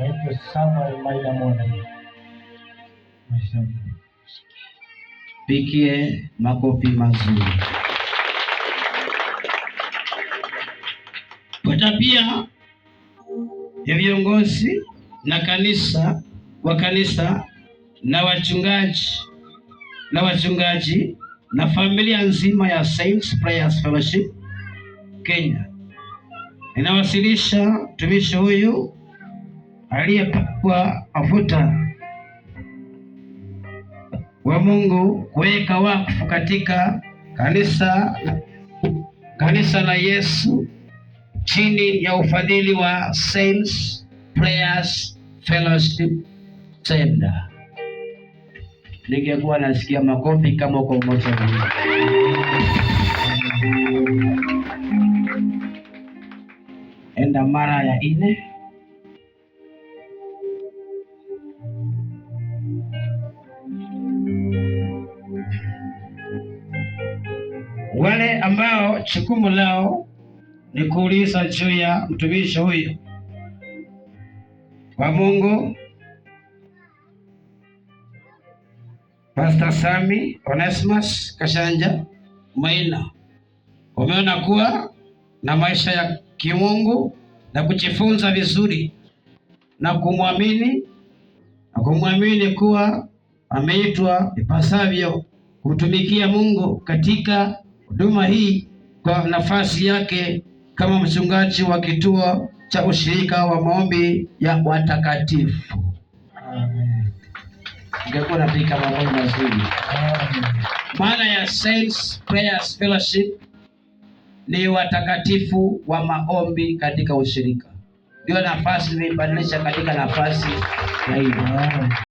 naitwa e Samuel Maina Mone. Pigie makofi mazuri. Kwa tabia ya viongozi na kanisa wa kanisa na wachungaji na wachungaji na familia nzima ya Saints Prayers Fellowship Kenya, ninawasilisha mtumishi huyu aliyepakwa mafuta wa Mungu kuweka wakfu katika kanisa, kanisa la Yesu chini ya ufadhili wa Saints Prayers Fellowship Center. Ningekuwa nasikia makofi kama kwa umoja mmoja. Enda mara ya nne. ambao chukumu lao ni kuuliza juu ya mtumishi huyu wa Mungu Pasta Sami Onesimus Kashanja Maina. Umeona kuwa na maisha ya kimungu na kujifunza vizuri na kumwamini na kumwamini kuwa ameitwa ipasavyo kumtumikia Mungu katika huduma hii kwa nafasi yake kama mchungaji wa kituo cha ushirika wa maombi ya watakatifu. mazuri. Maana ya Saints Prayers Fellowship ni watakatifu wa maombi katika ushirika. Ndio nafasi nimeibadilisha katika nafasi ya hiyo.